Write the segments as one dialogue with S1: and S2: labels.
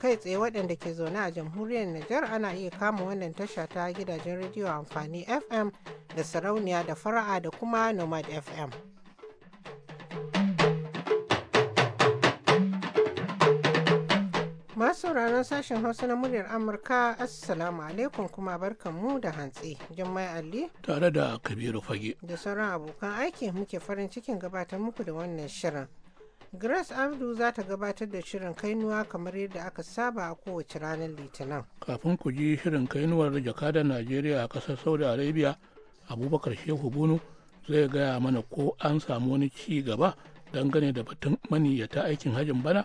S1: kai tsaye waɗanda ke zaune a jamhuriyar Nijar ana iya kama wannan tasha ta gidajen rediyo amfani FM da sarauniya da fara'a da kuma Nomad FM. Masu sauraron sashen Hausa na muryar Amurka, Assalamu alaikum kuma barkanmu da hantsi. Jummai Ali.
S2: Tare da Kabiru Fage.
S1: Da sauran abokan aiki muke farin cikin gabatar muku da wannan shirin. Grace amdu za ta gabatar da shirin kainuwa kamar yadda aka saba a kowace ranar Litinin.
S2: Kafin ku ji shirin kainuwar jakadar Najeriya a ƙasar Saudi Arabia, Abubakar Shehu Bunu zai gaya mana ko an samu wani ci gaba dangane da batun maniyyata aikin hajin bana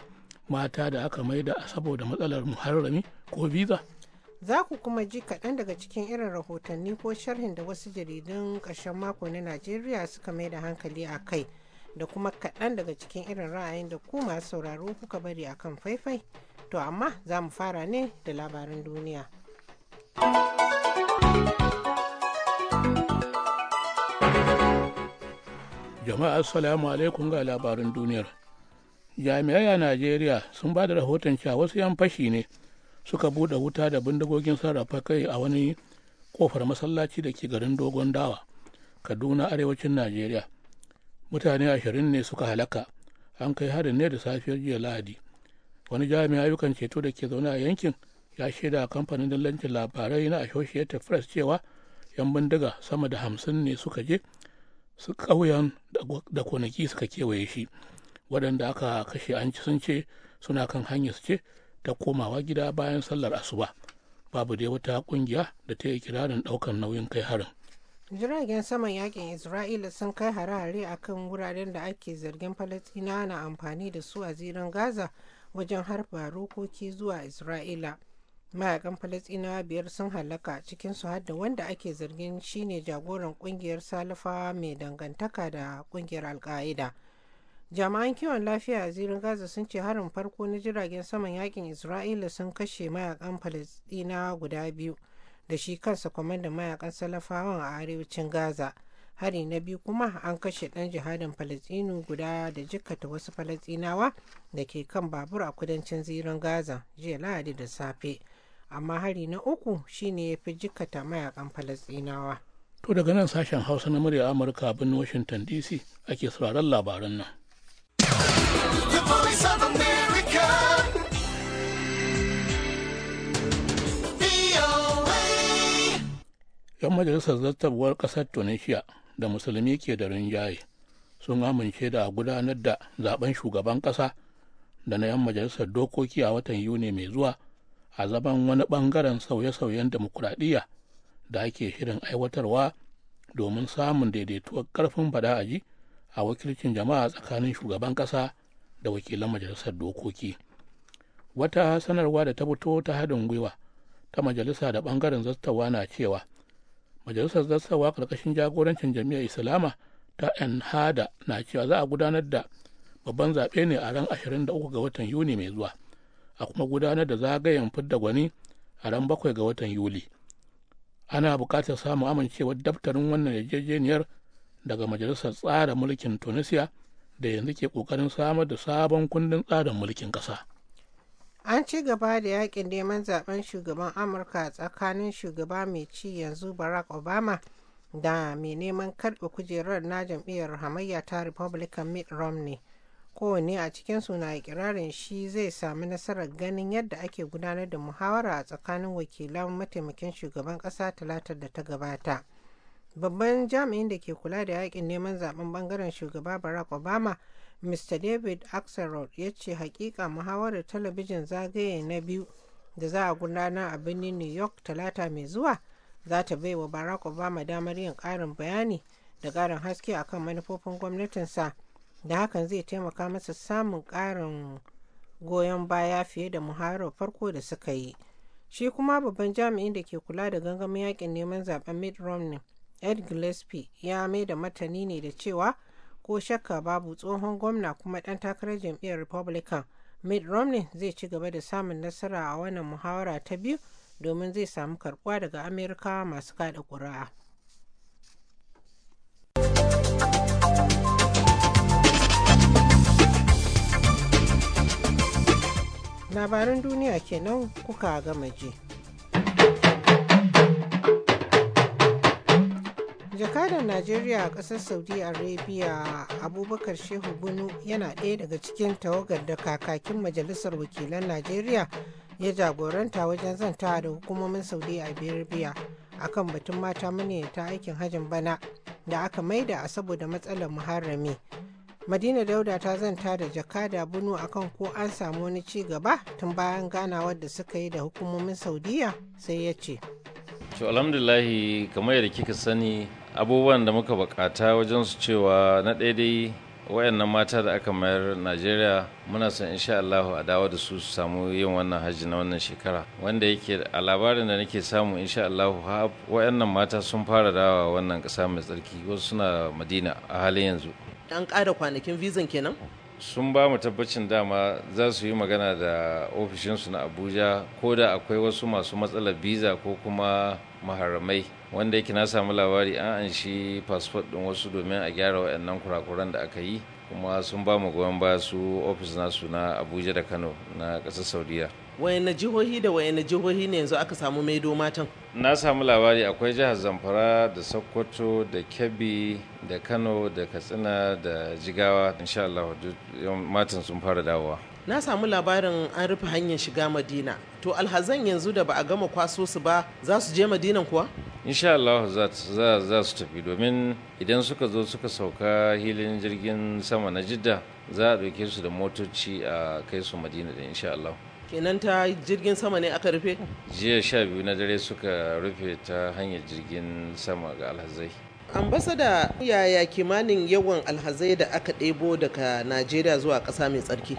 S2: mata da aka maida a saboda matsalar muharrami ko
S1: visa. Za ku kuma ji kaɗan daga cikin irin rahotanni ko sharhin da wasu jaridun ƙarshen mako na Najeriya suka mai da hankali a kai. da kuma kaɗan daga cikin irin ra'ayin da ku masu sauraro kuka bari a kan faifai to amma za mu fara ne da labarin duniya
S2: jama'a assalamu alaikum ga labarin duniyar jami'ai a najeriya sun ba da rahoton cewa wasu yan fashi ne suka buɗe wuta da bindigogin sarrafa kai a wani kofar masallaci da ke garin dogon dawa kaduna arewacin najeriya mutane ashirin ne suka halaka an kai harin ne da safiyar jiya lahadi wani jami'a ayyukan ceto da ke zaune a yankin ya shaida a kamfanin dillancin labarai na associated press cewa yan bindiga sama da hamsin ne suka je su ƙauyen da kwanaki suka kewaye shi waɗanda aka kashe an ci sun ce suna kan hanyar su ce ta komawa gida bayan sallar asuba babu dai wata ƙungiya da ta yi kirarin ɗaukar nauyin kai harin
S1: jiragen saman yakin isra'ila sun kai hare-hare a kan wuraren da ake zargin falastina na amfani da su a zirin gaza wajen harba rokoki zuwa isra'ila mayakan falastina biyar sun halaka cikinsu har da wanda ake zargin shine jagoran kungiyar salafa mai dangantaka da kungiyar alka'ida jami'an kiwon lafiya a zirin gaza sun ce harin farko na jiragen saman yakin isra'ila sun kashe mayakan falastina guda biyu da shi kansa kwamandan mayakan salafawan a arewacin gaza hari na biyu kuma an kashe ɗan jihadin falastinu guda da jikkata wasu falastinawa da ke kan babur a kudancin zirin gaza jiya lahadi da safe amma hari na uku shine ya fi jikkata mayakan falastinawa
S2: to daga nan sashen hausa na murya amurka birnin washington dc ake sauraron labaran nan 'yan majalisar zartarwar ƙasar tunisia da musulmi ke da rinjaye sun amince da gudanar da zaben shugaban ƙasa da na 'yan majalisar dokoki a watan yuni mai zuwa a zaman wani ɓangaren sauye-sauyen demokuraɗiyya da ake shirin aiwatarwa domin samun daidaituwar ƙarfin fada'aji a wakilcin jama'a tsakanin shugaban ƙasa da wakilan majalisar dokoki wata sanarwa da ta fito ta haɗin gwiwa ta majalisa da ɓangaren zartawa na cewa majalisar zartarwa karkashin jagorancin jami'ar islama ta hada na cewa za a gudanar da babban zaɓe ne a ran 23 ga watan yuni mai zuwa a kuma gudanar da zagayen fidda gwani a ran 7 ga watan yuli ana buƙatar samun amincewar daftarin wannan yarjejeniyar daga majalisar tsara mulkin tunisia da yanzu ke ƙoƙarin samar da sabon kundin tsarin mulkin ƙasa.
S1: An ci gaba da yakin neman zaben shugaban Amurka tsakanin shugaba mai ci yanzu Barack Obama da mai neman karɓe kujerar na jam'iyyar hamayya ta Republican Mitt Romney. Kowanne a cikin suna ikirarin shi zai sami nasarar ganin yadda ake gudanar da muhawara a tsakanin wakilan mataimakin shugaban ƙasa talatar da ta gabata. Babban jami'in da ke kula da yakin neman zaben bangaren shugaba Barack Obama mr david axelrod ya ce hakika muhawarar talabijin zagaye na biyu da za a gudanar a birnin new york talata mai zuwa za ta bai wa barack obama damar yin karin bayani da karin haske a kan manufofin gwamnatinsa da hakan zai taimaka masa samun karin goyon baya fiye da muhawarar farko da suka yi shi kuma babban jami'in da ke kula da gangamin yakin neman zaben mitt romney ed gillespie ya mai da matani ne da cewa ko shakka babu tsohon gwamna kuma ɗan takarar jam'iyyar republican mitt romney zai ci gaba da samun nasara a wannan muhawara ta biyu domin zai samu karbuwa daga amerika masu kada ƙuri'a. labaran duniya kenan kuka gama je jakadan najeriya a ƙasar saudi arabia abubakar shehu bunu yana ɗaya daga cikin tawagar da kakakin majalisar wakilan najeriya ya jagoranta wajen zanta da hukumomin saudi arabia akan batun mata ta aikin hajin bana da aka maida a saboda matsalar muharrami madina dauda ta zanta da jakada bunu akan ko an samu wani ci gaba tun bayan ganawar da suka yi da hukumomin saudiya sai ya ce
S3: to alhamdulahi kamar yadda kika sani abubuwan da muka bukata wajen su cewa na daidai wayannan mata da aka mayar najeriya muna son insha allahu a dawo da su su samu yin wannan hajji na wannan shekara wanda yake a labarin da nake samu insha allahu wayannan mata sun fara dawa wannan kasa mai tsarki wasu suna madina a halin yanzu
S4: an ƙara kwanakin vizan kenan
S3: sun ba mu tabbacin dama za su yi magana da ofishinsu na abuja ko da akwai wasu masu matsalar biza ko kuma maharamai wanda yake na samu labari an an shi fasfot ɗin wasu domin a gyara waɗannan kurakuran da aka yi kuma sun ba mu goyon ba su ofis nasu na abuja da kano na ƙasar saudiya
S4: wayanne jihohi da wayanne jihohi ne yanzu aka samu maido matan
S3: na samu labari akwai jihar zamfara da sokoto da kebbi da kano da katsina da jigawa insha Allah matan sun fara dawowa
S4: na samu labarin an rufe hanyar shiga madina to alhazan yanzu da ba a gama kwaso su ba za su je madina kuwa
S3: insha Allah za su tafi domin idan suka zo suka sauka hilin jirgin sama na jidda za a ɗauke su da motoci a kai su madina da insha Allah
S4: kenan ta jirgin sama ne aka rufe
S3: jiya sha biyu na dare suka rufe ta hanyar jirgin sama ga alhazai
S4: ambasada yaya kimanin yawan alhazai da aka ɗebo daga najeriya zuwa ƙasa mai tsarki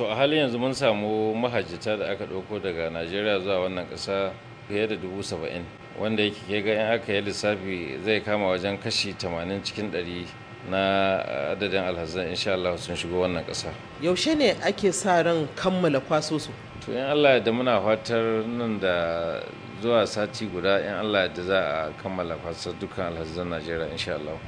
S3: to a halin yanzu mun samu mahajjata da aka ɗauko daga najeriya zuwa wannan ƙasa fiye da dubu saba'in wanda yake ke ga in aka yi lissafi zai kama wajen kashi tamanin cikin ɗari na adadin alhazan insha Allah sun shigo wannan ƙasa
S4: yaushe ne ake sa ran kammala kwaso su
S3: to in Allah da muna fatar nan da zuwa sati guda in Allah da za a kammala kwasar dukkan alhazan Najeriya insha Allah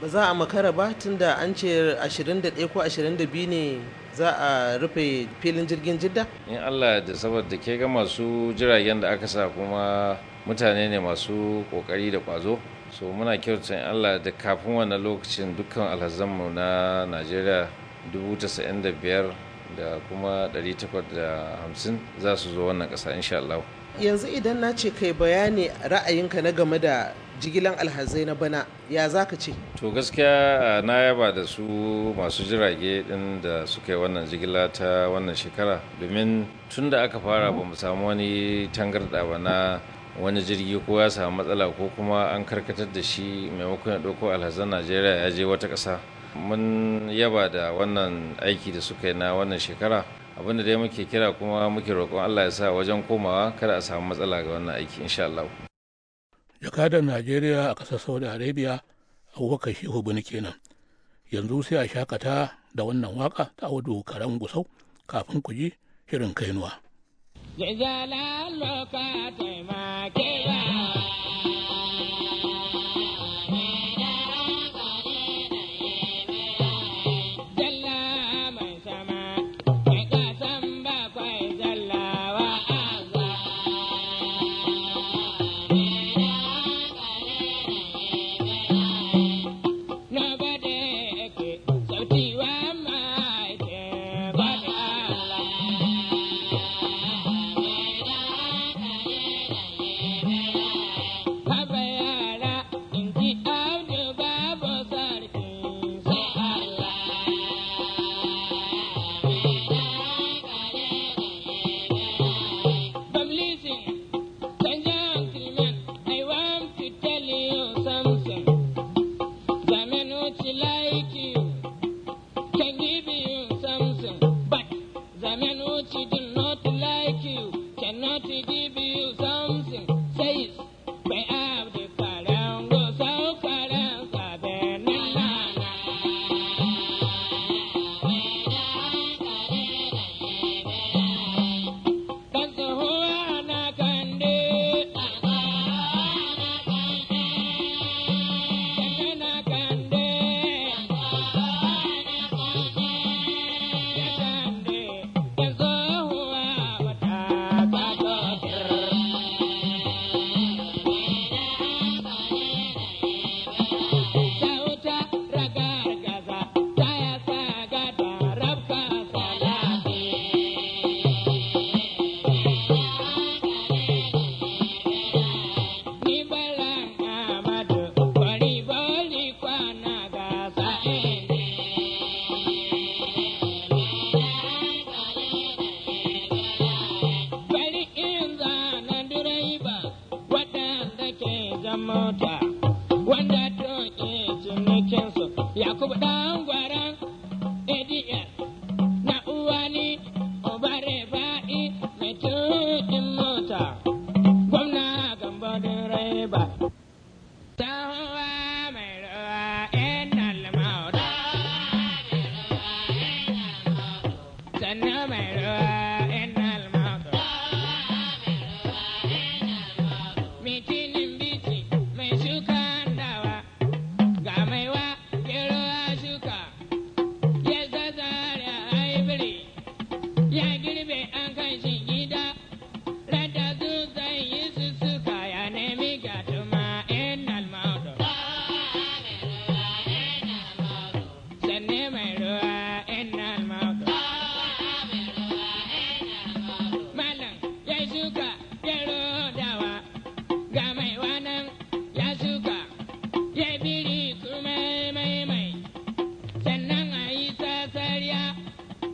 S4: ba za a makara ba tunda an ce 21 ko 22 ne za a rufe filin jirgin jidda
S3: in allah da saboda ke ga masu jiragen da aka sa kuma mutane ne masu kokari da kwazo so muna in allah da kafin wannan lokacin dukkan alhazanmu na najeriya 95 da kuma 850 za su zo wannan ƙasa insha Allah.
S4: yanzu idan na ce kai bayani ra'ayinka na game da jigilan alhazai na bana ya za ka ce
S3: to gaskiya na yaba da su masu jirage din da suka yi wannan jigila ta wannan shekara domin tun da aka fara ba mu samu wani tangarda ba na wani jirgi ko ya samu matsala ko kuma an karkatar da shi maimakon ya ɗauko alhazan najeriya ya je wata ƙasa mun yaba da wannan aiki da suka yi na wannan shekara abin da dai muke kira kuma muke roƙon allah ya sa wajen komawa kada a samu matsala ga wannan aiki insha allah
S2: jakadar najeriya a ƙasar saudi arabia abubakar shehu bani kenan yanzu sai a shakata da wannan waka ta audu karen gusau kafin ku ji shirin kainuwa.
S5: Zai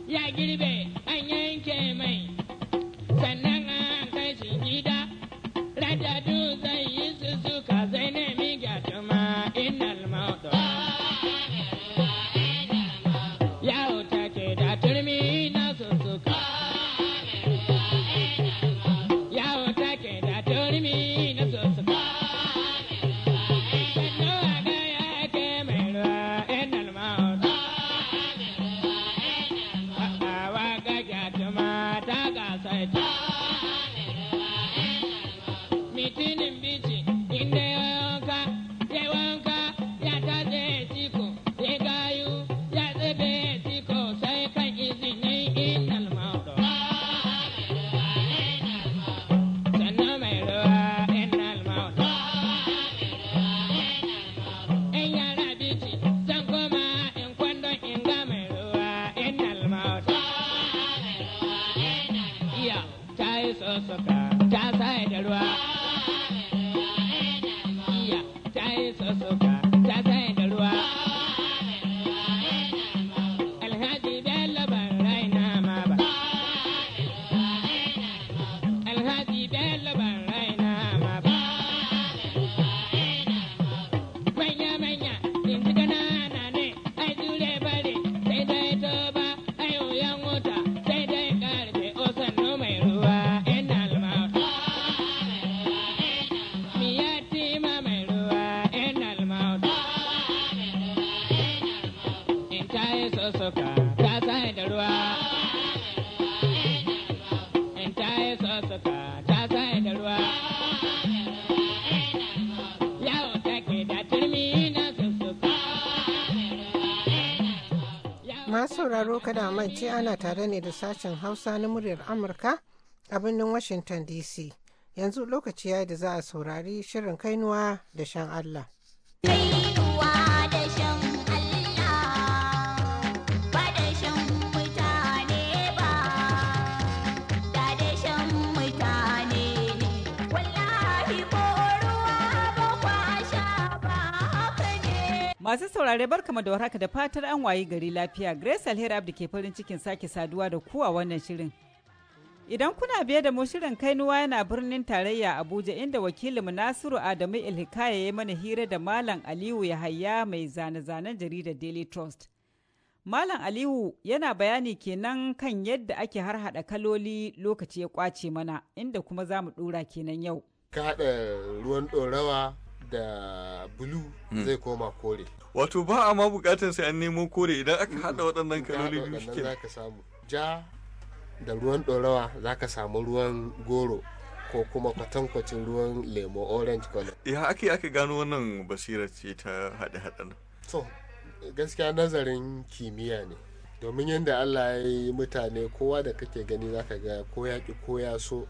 S5: ya girbe an yanke mai sannan
S1: sauraro kada mance ana tare ne da sashen Hausa na muryar Amurka a birnin Washington DC. Yanzu lokaci ya da za a saurari shirin kainuwa da shan Allah.
S6: Masu saurare barkama da warhaka da fatar an wayi gari lafiya Grace Alheri Abdi ke farin cikin sake saduwa da ku a wannan shirin. Idan kuna biye da mu shirin kainuwa yana birnin tarayya Abuja inda wakilinmu Nasiru Adamu Ilhikaya ya mana hira da Malam Aliyu Yahaya mai zane-zanen jaridar Daily Trust. Malam Aliyu yana bayani kenan kan yadda ake har hada kaloli lokaci ya kwace mana inda kuma za mu dora kenan yau.
S7: Ka ruwan ɗorawa da bulu hmm. zai koma kore
S8: wato ba a ma bukatar sai an nemo kore
S7: idan aka hada waɗannan kaloli biyu shi za ka samu ja da ruwan ɗorawa za ka samu ruwan goro ko kuma kwatankwacin ruwan lemo orange color
S8: ya ake aka gano wannan basira ce ta haɗe haɗen so gaskiya
S7: nazarin kimiyya ne domin yadda allah ya yi mutane kowa da kake gani za ka ga ko ya ko ya so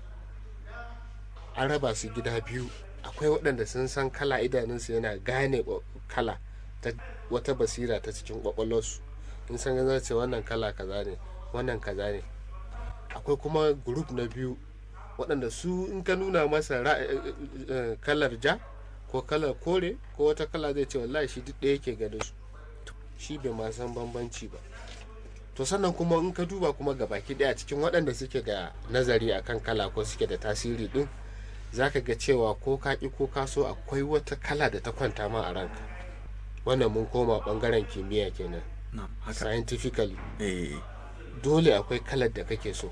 S7: an raba su gida biyu akwai waɗanda sun san kala idanunsu yana gane kala ta wata basira ta cikin kwakwalwarsu in san gaza ce wannan kala kaza ne wannan kaza ne akwai kuma group na biyu waɗanda su in ka nuna masa eh, eh, eh, kalar ja ko kalar kore ko wata kala zai ce wallahi shi duk ɗaya yake ganin su shi bai ma san bambanci ba to sannan kuma in ka duba kuma gabaki ɗaya cikin waɗanda suke da nazari akan kala ko suke da tasiri ɗin za ka ga cewa ko ka ƙi ko ka so akwai wata kala da ta kwanta ma a ranka wannan mun koma ɓangaren kimiyya kenan scientifically eh. dole akwai kalar da kake so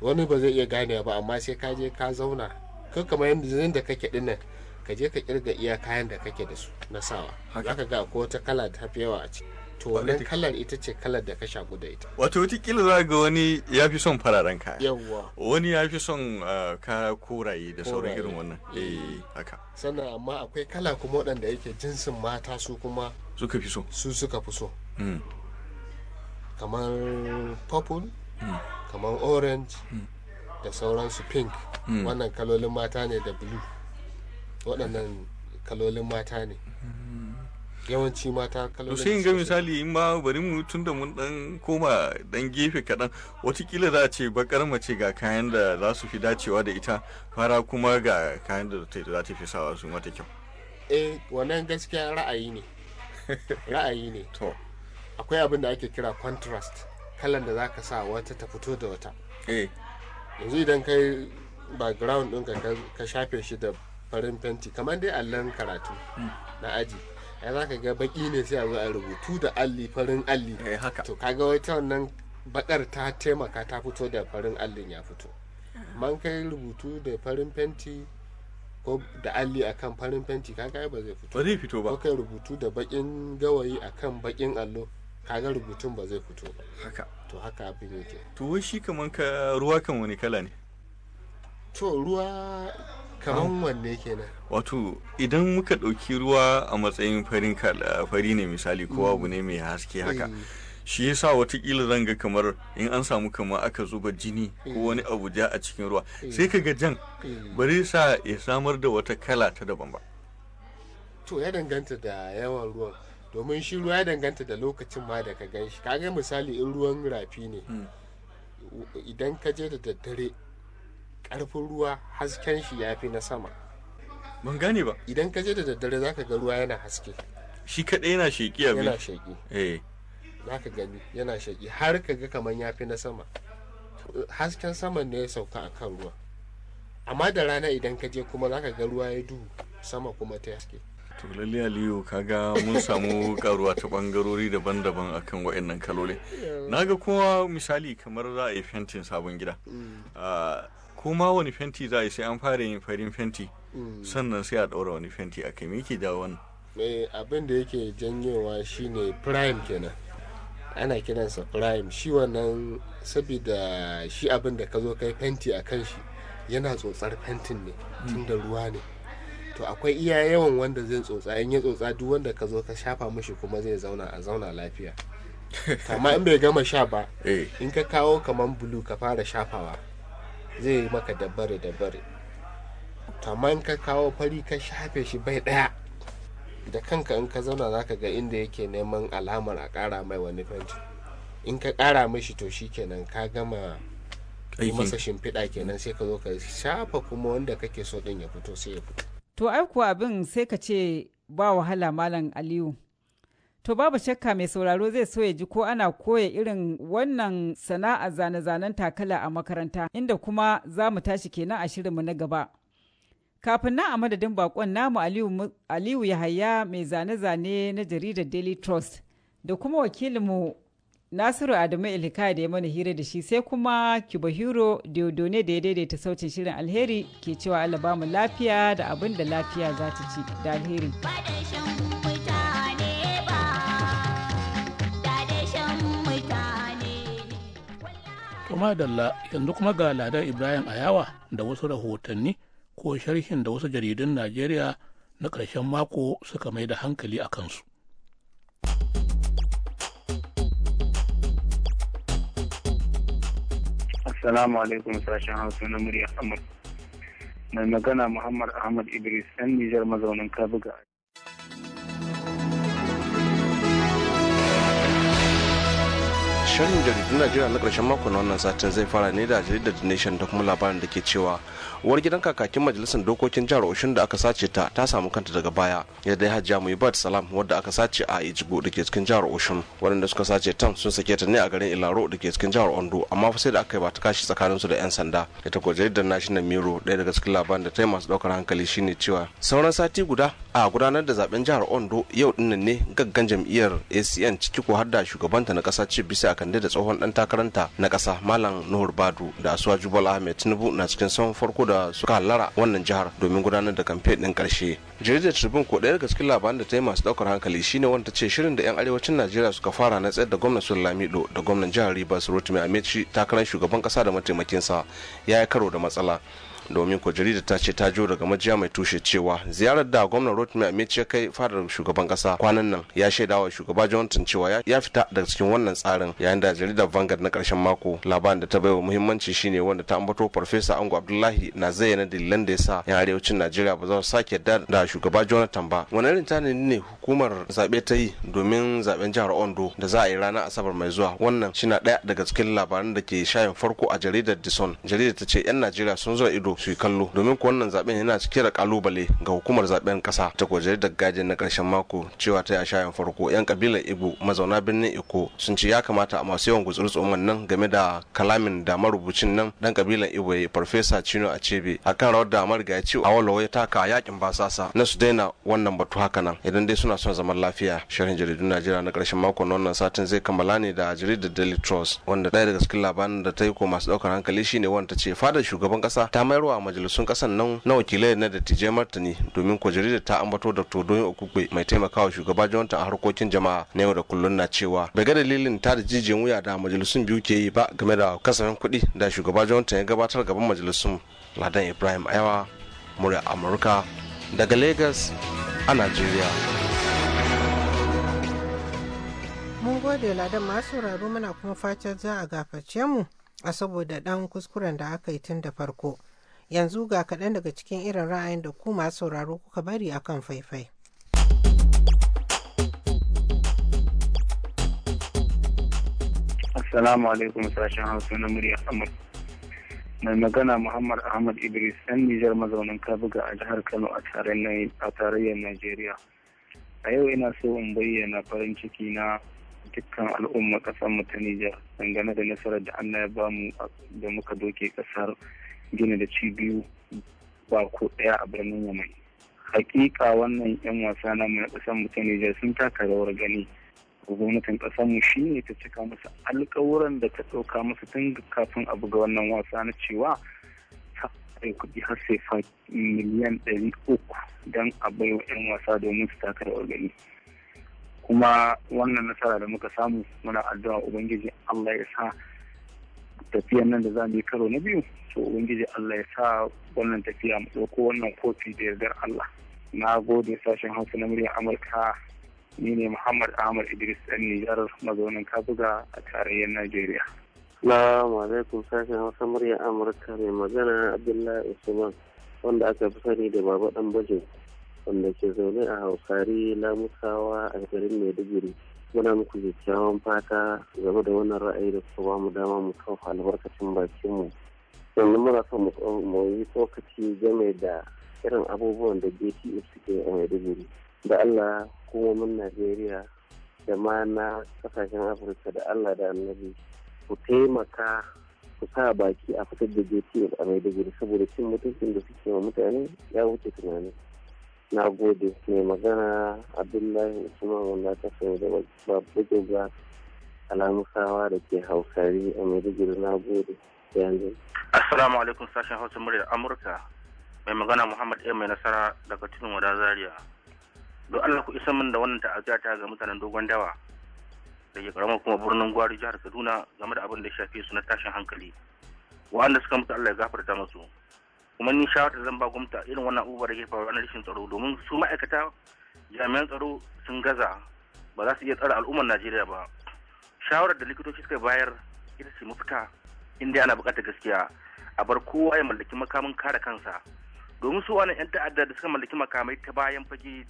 S7: wani ba zai iya gane ba amma sai ka je ka zauna ko kamar yanzu da kake dinnan ka je ka kirga iya kayan da kake da su na sawa za ka ga akwai wata kala ta fi yawa a ciki to wannan kalar ita ce kalar da ka shaku da ita
S8: wato za ga wani ya fi son fararen kaya yawwa wani ya fi son ah, ka koraye da sauran irin wannan mm. eh haka
S7: sannan amma akwai kala kuma waɗanda yake jinsin mata su kuma
S8: suka fi so su suka fi so mm.
S7: kamar purple mm. kamar orange da sauransu pink wannan kalolin mata ne da blue waɗannan kalolin mata ne mm-hmm. yawanci mata kalolin sai in ga misali
S8: in ma bari mu tun da mun dan koma dan gefe kaɗan watakila za a ce bakar mace ga kayan da za su fi dacewa da ita fara kuma ga kayan da za ta fi sawa su mata kyau
S7: eh wannan gaskiya ra'ayi ne ra'ayi ne to akwai abin da ake kira contrast kalan da za ka sa wata ta fito da wata eh yanzu idan kai background ɗinka ka shafe shi da farin fenti kamar dai allon karatu hmm. na aji ai za ka ga baki ne sai a a rubutu da alli farin alli eh, to kaga wata wannan bakar ta taimaka ta fito da farin allin ya fito man kai rubutu da farin fenti ko da alli akan farin fenti kaga ba zai fito ba zai fito ba ko kai rubutu da bakin gawayi akan bakin allo kaga rubutun ba zai fito ba haka to haka abin yake
S8: to wai shi kaman ka ruwa kan wani kala ne
S7: to ruwa kaman wanne kenan
S8: wato idan muka ɗauki ruwa a matsayin farin fari ne misali ko mm. abu ne mai haske haka eh. shi yasa watakila zan ga kamar in an samu kamar aka zuba jini ko eh. wani abu ja a cikin ruwa eh. sai ka ga jan bari sa ya samar da wata kala ta daban ba
S7: to ya danganta da yawan ruwan domin shi ruwa ya danganta da lokacin ma da ka gan shi kaga misali in ruwan rafi ne mm. idan ka je da daddare ƙarfin ruwa hasken shi ya fi na sama ban gane ba idan ka je da daddare zaka ga ruwa yana haske
S8: shi kaɗai yana sheki, abin eh. yana sheƙi eh
S7: zaka gani yana sheki. har ka ga kamar ya fi na sama hasken saman ne ya sauka a kan ruwa amma da rana idan ka je kuma zaka ga ruwa ya duhu sama kuma ta haske
S8: to lalle aliyu kaga mun samu karuwa ta bangarori daban-daban akan wa'annan kalolin naga kuma misali kamar za a yi fentin sabon gida mm. ah, ko ma wani fenti za a yi sai an fara yin farin fenti mm. sannan sai a ɗaura wani fenti a kai me da wani
S7: abin da yake janyowa shine prime kenan
S8: ana kiransa
S7: prime shi wannan saboda shi abin da ka zo kai fenti a kan shi yana tsotsar fentin ne mm. tun da ruwa ne to akwai iya yawan wanda zai tsotsa in ya tsotsa duk wanda ka zo ka shafa mashi kuma zai zauna a zauna lafiya amma in bai gama sha ba eh. in ka kawo kamar bulu ka fara shafawa zai yi maka dabare dabare kamar ka kawo fari ka shafe shi bai daya da kanka in ka zauna ka ga inda yake neman alamar a kara mai wani fenti in ka kara mishi to shikenan ka gama yi masa shimfiɗa kenan sai ka zo ka shafa kuma wanda kake so din ya fito sai ya fito
S6: to aiko abin sai ka ce ba wahala malam aliyu To babu shakka mai sauraro zai so ya ji ko ana koya irin wannan sana'a zane-zanen takala a makaranta inda kuma za mu tashi kenan a shirinmu na gaba. Kafin na a madadin bakon namu Aliyu Yahaya mai zane-zane na jaridar Daily Trust da kuma wakilinmu Nasiru Adamu Ilika da ya mana hira da shi sai kuma Kibahiro Diodone da ya daidaita saucin shirin alheri ke cewa Allah bamu lafiya da abin da lafiya za ta ci da alheri.
S2: kuma Dalla yanzu kuma ga Ladan Ibrahim Ayawa da wasu rahotanni ko sharhin da wasu jaridun Najeriya na ƙarshen mako suka mai da hankali a kansu.
S9: Assalamu alaikum sashen Hausa na murya Mai magana Muhammad Ahmad Idris, ɗan Nijar mazaunin Kabuga.
S10: shirin jaridun najeriya na karshen makon wannan satin zai fara ne da jaridar the nation da kuma labarin da ke cewa uwar gidan kakakin majalisar dokokin jihar oshun da aka sace ta ta samu kanta daga baya yadda ya hajiya mu bat salam wadda aka sace a ijigo da ke cikin jihar oshun waɗanda suka sace tam sun sake ta ne a garin ilaro da ke cikin jihar ondo amma fa sai da aka yi ba ta kashi tsakanin su da yan sanda ita ko jaridar national miro ɗaya daga cikin labarin da ta yi masu ɗaukar hankali shine cewa sauran sati guda a gudanar da zaben jihar ondo yau dinnan ne gaggan jam'iyyar acn ciki ko har da shugabanta na ƙasa ce bisa kande da tsohon dan takaranta na kasa malam nuhur badu da asuwa jubal ahmed tinubu na cikin son farko da suka hallara wannan jihar domin gudanar da kamfe din karshe. jaridar tribune ko ɗaya daga cikin labaran da ta yi masu ɗaukar hankali shine wanda ce shirin da 'yan arewacin najeriya suka fara na tsayar da gwamnan sulamido da gwamnan jihar rivers rotimi amechi takarar shugaban ƙasa da mataimakinsa ya yi karo da matsala domin ko jarida ta ce ta jo daga majiya mai tushe cewa ziyarar da gwamnan rotimi a ya kai fadar shugaban kasa kwanan nan ya shaida wa shugaba johnson cewa ya fita daga cikin wannan tsarin yayin da jaridar vangard na karshen mako labarin da ta baiwa muhimmanci shine wanda ta ambato farfesa ango abdullahi na zayyana dalilan da ya sa yan arewacin najeriya ba za su sake da da shugaba jonathan ba wani irin tanadi ne hukumar zaɓe ta yi domin zaɓen jihar ondo da za a yi ranar asabar mai zuwa wannan shina ɗaya daga cikin labaran da ke shayin farko a jaridar dison jaridar ta ce yan najeriya sun zo ido suyi su yi kallo domin ko wannan zaben yana cike da kalubale ga hukumar zaben kasa ta kwaje da gajin na karshen mako cewa ta ya shayan farko yan kabilar ibo mazauna birnin iko sun ce ya kamata a masu yawan gutsuru tsoman nan game da kalamin da marubucin nan dan kabilar ibo ya yi farfesa cino a cebe akan rawar da marigaci a walawa ya taka a yakin basasa na su daina wannan batu haka nan idan dai suna son zaman lafiya shirin jaridun najeriya na karshen mako na wannan satin zai kammala ne da jaridar daily trust wanda daya daga cikin labarin da ta yi ko masu daukar hankali shine wanda ta ce fadar shugaban kasa ta mayar wa majalisun kasan nan na wakilai na dattijai martani domin ko jaridar ta ambato da todoyin okukwe mai taimakawa shugaba jonathan a harkokin jama'a na yau da kullun na cewa bai ga dalilin ta da jijiyan wuya da majalisun biyu ke yi ba game da kasafin kuɗi da shugaba jonathan ya gabatar gaban majalisun ladan ibrahim ayawa murya amurka daga lagos a nigeria
S1: mun gode ladan masu sauraro muna kuma fatan za a gaface mu a saboda ɗan kuskuren da aka yi tun da farko Yanzu ga kaɗan daga cikin irin ra'ayin da ku masu sauraro kuka bari a kan faifai.
S9: Assalamu alaikum sashen Hausa na murya Amurka. Mai magana Muhammad Ahmad Idris ɗan Nijar mazaunin Kabuga a jihar Kano a tarayyar Najeriya. A yau ina so in bayyana farin ciki na dukkan al'umma ƙasar mu ta Nijar dangane da nasarar da Allah ya bamu da muka doke ƙasar gina da cibiyu ba ko ɗaya a birnin yamai hakika wannan 'yan wasa na na ƙasar mu ta sun taka rawar gani gwamnatin ƙasar mu shine ta cika musu alkawuran da ta ɗauka musu tun kafin a buga wannan wasa na cewa ta kudi har sai miliyan ɗari uku don a wa 'yan wasa domin su taka rawar gani kuma wannan nasara da muka samu muna addu'a ubangiji allah ya sa tafiyan nan da za mu yi karo na biyu to ubangiji Allah ya sa wannan tafiya mu ɗauko wannan kofi da yardar Allah na gode sashen hausa na muryar amurka ni ne muhammad ahmad idris ɗan nijar mazaunin kabuga a tarayyar najeriya Assalamu alaikum sashen hausa muryar amurka mai magana abdullahi usman wanda aka fi sani da baba dan baje wanda ke zaune a hausari lamusawa a garin maiduguri muna muku kyakkyawan fata game da wannan ra'ayi da kuka ba mu dama mu tofa albarkacin bakin mu yanzu muna so mu yi tsokaci game da irin abubuwan da jtf suke a maiduguri da allah mun najeriya da ma na kasashen afirka da allah da annabi ku taimaka ku sa baki a fitar da jtf a maiduguri saboda cin mutuncin da suke wa mutane ya wuce tunani na gode mai magana abdullahi usman wanda ta sayo da babu ga alamusawa da ke hausari a maiduguri na gode yanzu
S11: assalamu alaikum sashen hausa murya amurka mai magana muhammad a mai nasara daga cikin wada zaria don allah ku isa min da wannan ta'aziyya ta ga mutanen dogon dawa da ke karamar kuma birnin gwari jihar kaduna game da abin da ya shafe su na tashin hankali wa'anda suka mutu allah ya gafarta musu kuma ni shawarar zan ba gwamnati irin wannan abubuwa da ke faruwa na rashin tsaro domin su ma'aikata jami'an tsaro sun gaza ba za su iya tsara al'ummar najeriya ba shawarar da likitoci suka bayar ita ce mafita inda ana bukata gaskiya a bar kowa ya mallaki makamin kare kansa domin su wani 'yan ta'adda da suka mallaki makamai ta bayan fage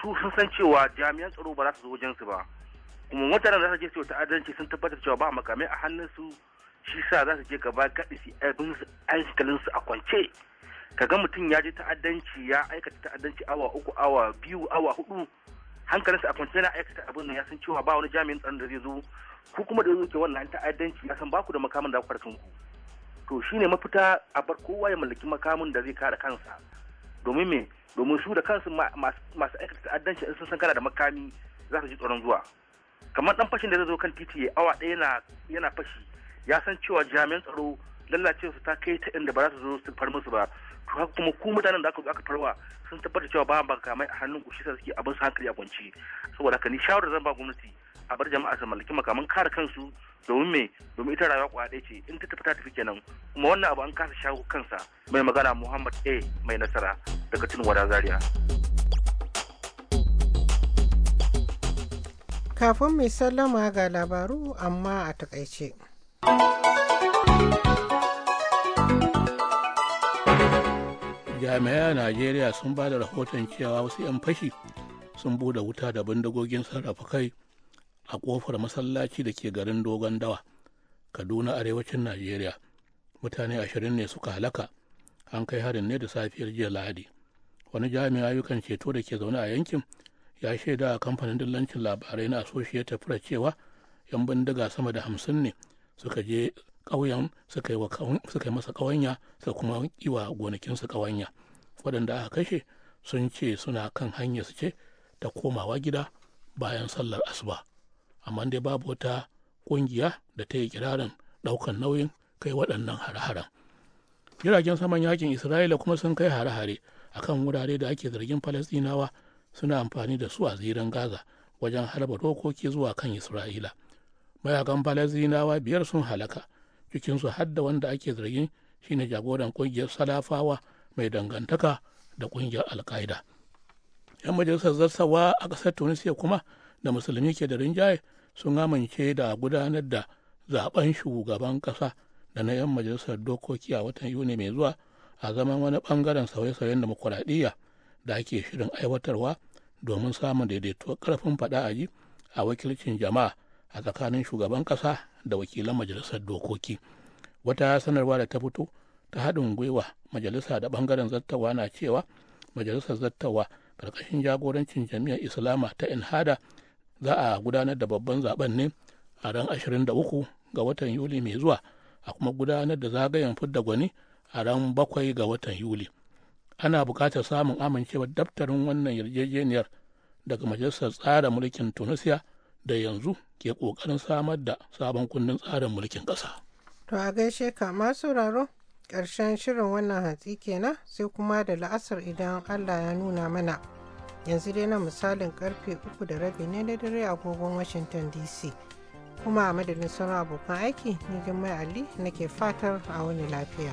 S11: su sun san cewa jami'an tsaro ba za su zo wajensu ba kuma mutanen za su je su ta'addanci sun tabbatar cewa ba makamai a hannun su shi sa za su je gaba gaɗi su abin hankalin su a kwance kaga mutum ya je ta'addanci ya aikata ta'addanci awa uku awa biyu awa hudu hankalin su a kwance na aikata abin ya san cewa ba wani jami'in tsaron da zai zo ku kuma da yake wannan ta'addanci ya san ba ku da makamin da ku ku to shine mafita a bar kowa ya mallaki makamin da zai kare kansa domin me domin su da kansu masu aikata ta'addanci in sun san kana da makami za su ji tsoron zuwa kamar dan fashin da zai zo kan titi ya awa ɗaya yana fashi ya san cewa jami'an tsaro lallacewa su ta kai ta inda ba za su zo su far musu ba to haka kuma ku mutanen da aka aka farwa sun tabbata cewa ba ba kamai a hannun ku shi sa suke abin su hankali a kwanci saboda haka ni shawarar zan ba gwamnati a bar jama'a su mallaki makaman kare kansu domin me domin ita rayuwa kwa ɗaya ce in ta tafata ta tafi kenan kuma wannan abu an kasa shawo kansa mai magana Muhammad A mai nasara daga tun wada zaria
S1: kafin mai sallama ga labaru amma a takaice.
S2: jami'ai a najeriya sun ba da rahoton cewa wasu 'yan fashi sun bude wuta da bindigogin sarrafa kai a kofar masallaci da ke garin dogon dawa kaduna arewacin najeriya mutane ashirin ne suka halaka an kai harin ne da safiyar jiya lahadi wani jami'in ayyukan ceto da ke zaune a yankin ya shaida a kamfanin dillancin labarai na associated press cewa 'yan bindiga sama da hamsin ne suka je ƙauyen suka yi masa ƙawanya suka kuma yi wa gonakinsu ƙawanya waɗanda aka kashe sun ce suna kan hanyar su ce ta komawa gida bayan sallar asuba amma dai babu wata ƙungiya da ta yi kirarin ɗaukan nauyin kai waɗannan hare-haren jiragen saman yakin isra'ila kuma sun kai hare-hare a kan wurare da ake zargin falastinawa suna amfani da su a zirin gaza wajen harba dokoki zuwa kan isra'ila mayakan falazinawa biyar sun halaka cikinsu har da wanda ake zargin shine jagoran kungiyar salafawa mai dangantaka da kungiyar alkaida yan majalisar zarsawa a ƙasar tunisia kuma da musulmi ke da rinjaye sun amince da gudanar da zaben shugaban kasa da na yan majalisar dokoki a watan yuni mai zuwa a zaman wani bangaren sauye-sauyen demokuraɗiyya da ake shirin aiwatarwa domin samun daidaito karfin faɗa a a wakilcin jama'a a tsakanin shugaban kasa da wakilan majalisar dokoki wata sanarwa da ta fito ta haɗin gwiwa majalisa da ɓangaren zattawa na cewa majalisar zattawa ƙarƙashin jagorancin jami'ar islama ta inhada za a gudanar da babban zaben ne a ran 23 ga watan yuli mai zuwa a kuma gudanar da zagayen fidda gwani a ran 7 ga watan yuli ana buƙatar samun amincewar daftarin wannan yarjejeniyar daga majalisar tsara mulkin tunisia da yanzu ke ƙoƙarin samar da sabon kundin tsarin mulkin ƙasa.
S1: To a gaishe ka masu sauraro ƙarshen shirin wannan hatsi kenan sai kuma da la'asar idan Allah ya nuna mana. Yanzu dai na misalin karfe uku da rabi ne na dare agogon Washington DC. Kuma a madadin sauran abokan aiki ni Jummai Ali nake fatar a wani lafiya.